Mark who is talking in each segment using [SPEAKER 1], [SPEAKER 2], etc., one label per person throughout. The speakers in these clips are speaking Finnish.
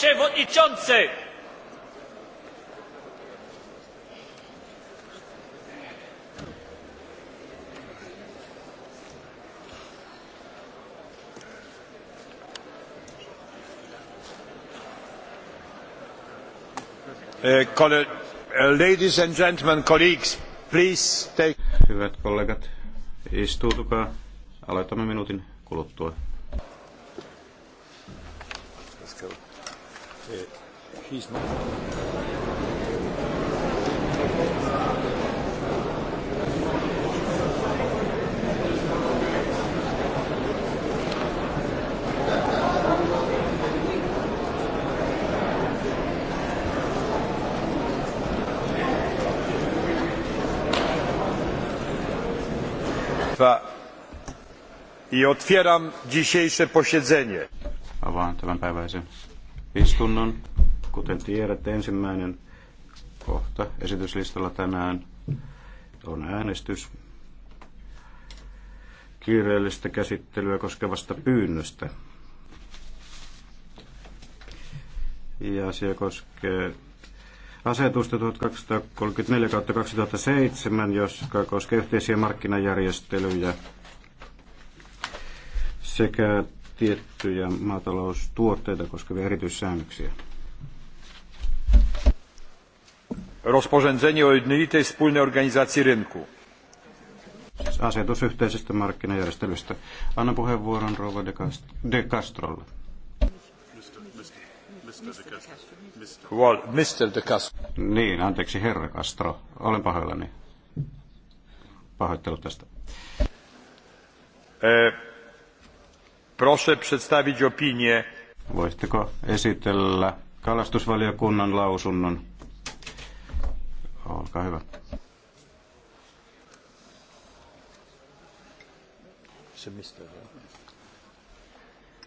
[SPEAKER 1] przewodniczący! E, e, ladies and gentlemen, colleagues, please take... Hyvät kollegat, istuutukaa. Aloitamme minuutin kuluttua. it. She's not. i otwieram dzisiejsze posiedzenie istunnon. Kuten tiedätte, ensimmäinen kohta esityslistalla tänään on äänestys kiireellistä käsittelyä koskevasta pyynnöstä. Ja asia koskee asetusta 1234-2007, joka koskee yhteisiä markkinajärjestelyjä sekä tiettyjä maataloustuotteita koskevia erityissäännöksiä. Rozporządzenie o jednolitej wspólnej organizacji rynku. Asetus yhteisestä markkinajärjestelystä. Anna puheenvuoron Rova de Castrolle. Well, Mr. De Castro. Niin, anteeksi, herra Castro. Olen pahoillani. Pahoittelut tästä. Eh. Proszę przedstawić opinię. Voisitteko esitellä kalastusvaliokunnan lausunnon? Olkaa hyvä.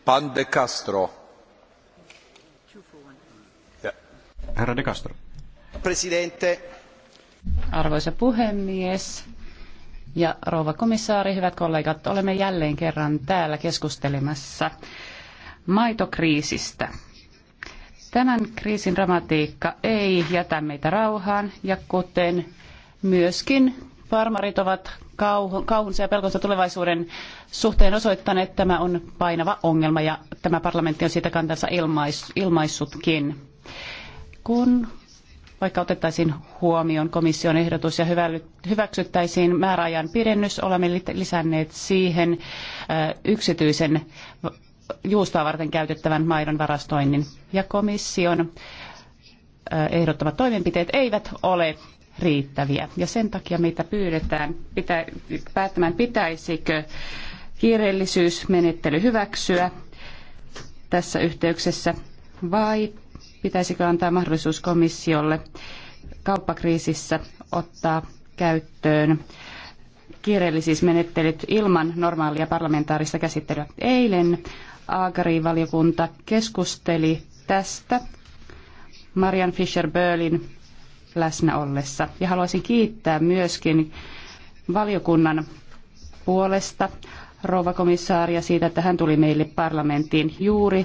[SPEAKER 1] Pan de Castro. Herra de Castro. Presidente.
[SPEAKER 2] Arvoisa puhemies, ja rouva komissaari, hyvät kollegat, olemme jälleen kerran täällä keskustelemassa maitokriisistä. Tämän kriisin dramatiikka ei jätä meitä rauhaan ja kuten myöskin farmarit ovat kauhunsa ja pelkonsa tulevaisuuden suhteen osoittaneet, että tämä on painava ongelma ja tämä parlamentti on siitä kantansa ilmaissutkin. Kun vaikka otettaisiin huomioon komission ehdotus ja hyväksyttäisiin määräajan pidennys, olemme lisänneet siihen yksityisen juustoa varten käytettävän maidon varastoinnin. Ja komission ehdottamat toimenpiteet eivät ole riittäviä. Ja sen takia meitä pyydetään pitä, päättämään, pitäisikö kiireellisyysmenettely hyväksyä tässä yhteyksessä vai pitäisikö antaa mahdollisuus komissiolle kauppakriisissä ottaa käyttöön kiireellisyysmenettelyt ilman normaalia parlamentaarista käsittelyä. Eilen Agri-valiokunta keskusteli tästä Marian fischer böhlin läsnä ollessa. Ja haluaisin kiittää myöskin valiokunnan puolesta rouva komissaaria siitä, että hän tuli meille parlamenttiin juuri